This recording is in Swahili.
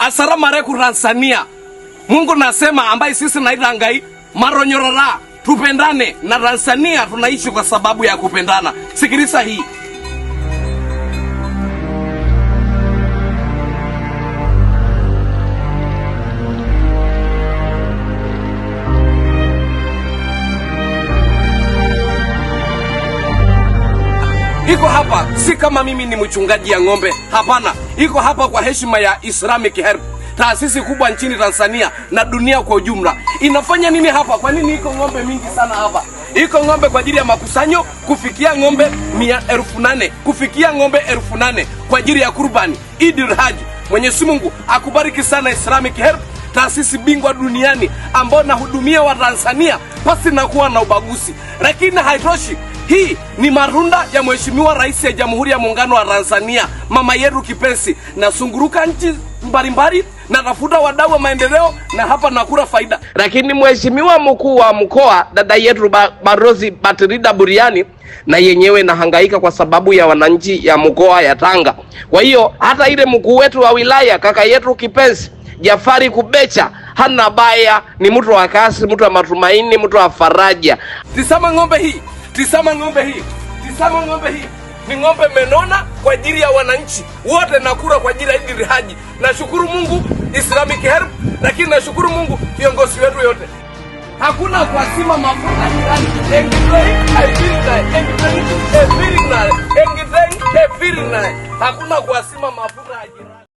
asara mareku Tanzania. Mungu nasema ambaye sisi naita ngai maronyorora, tupendane na Tanzania tunaishi kwa sababu ya kupendana. Sikiliza hii. iko hapa, si kama mimi ni mchungaji ya ng'ombe. Hapana, iko hapa kwa heshima ya Islamic Help, taasisi kubwa nchini Tanzania na dunia kwa ujumla. Inafanya nini hapa? Kwa nini iko ng'ombe mingi sana hapa? Iko ng'ombe kwa ajili ya makusanyo kufikia ng'ombe mia elfu nane kufikia ng'ombe elfu nane kwa ajili ya kurbani Idul Mwenyezi Mungu akubariki sana Islamic Help, taasisi bingwa duniani ambao nahudumia Watanzania pasi na kuwa na ubaguzi, lakini haitoshi hii ni marunda ya Mheshimiwa Rais ya Jamhuri ya Muungano wa Tanzania, Mama Yeru Kipenzi. Nasunguruka nchi mbalimbali na tafuta wadau wa maendeleo na hapa nakula faida. Lakini Mheshimiwa mkuu wa mkoa dada yetu Barozi Batirida Buriani na yenyewe nahangaika kwa sababu ya wananchi ya mkoa ya Tanga. Kwa hiyo hata ile mkuu wetu wa wilaya kaka yetu Kipenzi Jafari Kubecha hana baya, ni mtu wa kasi, mtu wa matumaini, mtu wa faraja. Tisama ng'ombe hii Tisama ng'ombe hii, tisama ng'ombe hii ni ng'ombe menona kwa ajili ya wananchi wote, kura kwa ajili ya Idil Haji. Nashukuru Mungu Islamic Help, lakini nashukuru Mungu viongozi wetu yote, hakuna kwasima mafuta jirani engidei, hakuna kwasima mafuta